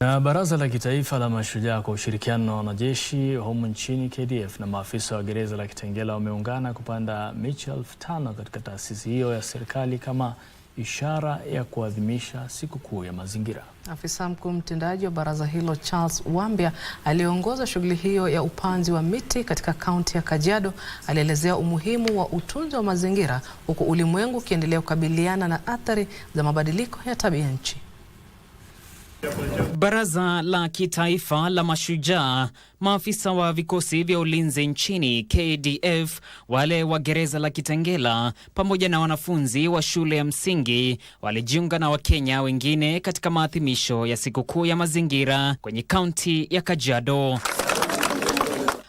Na Baraza la Kitaifa la Mashujaa kwa ushirikiano na wanajeshi humu nchini KDF na maafisa wa gereza la Kitengela wameungana kupanda miche elfu tano katika taasisi hiyo ya serikali kama ishara ya kuadhimisha sikukuu ya mazingira. Afisa mkuu mtendaji wa baraza hilo Charles Wambia aliyeongoza shughuli hiyo ya upanzi wa miti katika kaunti ya Kajiado alielezea umuhimu wa utunzi wa mazingira huku ulimwengu ukiendelea kukabiliana na athari za mabadiliko ya tabia nchi. Baraza la Kitaifa la Mashujaa, maafisa wa vikosi vya ulinzi nchini KDF, wale wa gereza la Kitengela pamoja na wanafunzi wa shule ya msingi walijiunga na Wakenya wengine katika maadhimisho ya sikukuu ya mazingira kwenye kaunti ya Kajiado.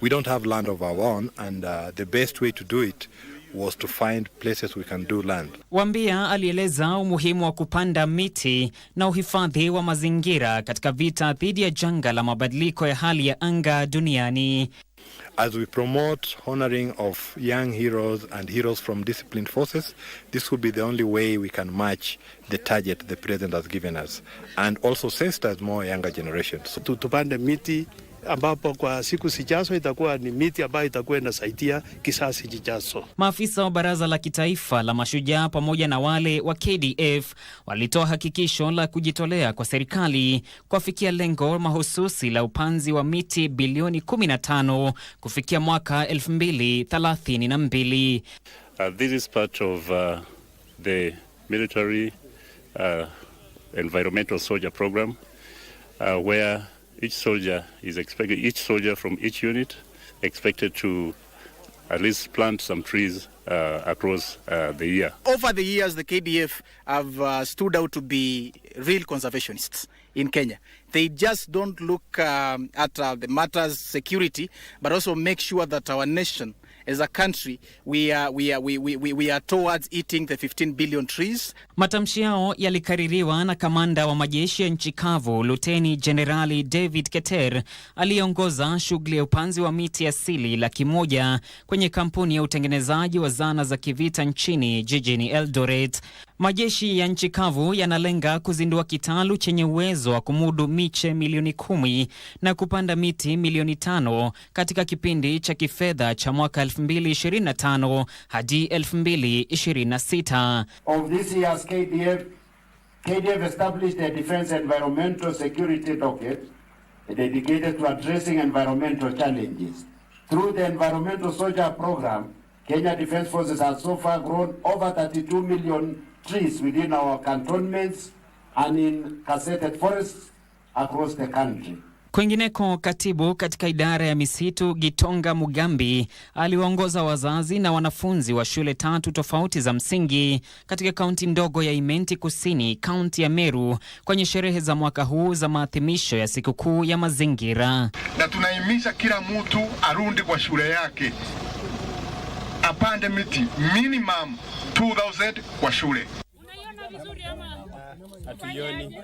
we don't have land of our own and uh, the best way to do it was to find places we can do land. Wambia alieleza umuhimu wa kupanda miti na uhifadhi wa mazingira katika vita dhidi ya janga la mabadiliko ya hali ya anga duniani. As we promote honoring of young heroes and heroes from disciplined forces, this will be the only way we can match the target the president has given us and also sensitize more younger generations. So, tupande miti ambapo kwa siku zijazo itakuwa ni miti ambayo itakuwa inasaidia kisasi kijazo. Maafisa wa Baraza la Kitaifa la Mashujaa pamoja na wale wa KDF walitoa hakikisho la kujitolea kwa serikali kuafikia lengo mahususi la upanzi wa miti bilioni 15 kufikia mwaka 2032. Uh, this is part of uh, the military uh, environmental soldier program uh, where Each soldier is expected, each soldier from each unit expected to at least plant some trees uh, across uh, the year. Over the years, the KDF have uh, stood out to be real conservationists in Kenya. They just don't look um, at uh, the matters security, but also make sure that our nation as a country we are, we are, we, we, we are towards eating the 15 billion trees. Matamshi yao yalikaririwa na kamanda wa majeshi ya nchi kavu Luteni Jenerali David Keter aliyeongoza shughuli ya upanzi wa miti asili laki moja kwenye kampuni ya utengenezaji wa zana za kivita nchini jijini Eldoret. Majeshi ya nchi kavu yanalenga kuzindua kitalu chenye uwezo wa kumudu miche milioni kumi na kupanda miti milioni tano katika kipindi cha kifedha cha mwaka 2025 hadi 2026. Of this year's KDF, KDF established a defense environmental security docket dedicated to addressing environmental challenges. Through the environmental soldier program, Kenya Defense Forces has so far grown over 32 million trees within our cantonments and in gazetted forests across the country. Kwingineko, katibu katika idara ya misitu Gitonga Mugambi aliwaongoza wazazi na wanafunzi wa shule tatu tofauti za msingi katika kaunti ndogo ya Imenti Kusini, kaunti ya Meru, kwenye sherehe za mwaka huu za maadhimisho ya sikukuu ya mazingira. Na tunaimisha kila mtu arundi kwa shule yake apande miti minimum 2000 kwa shule.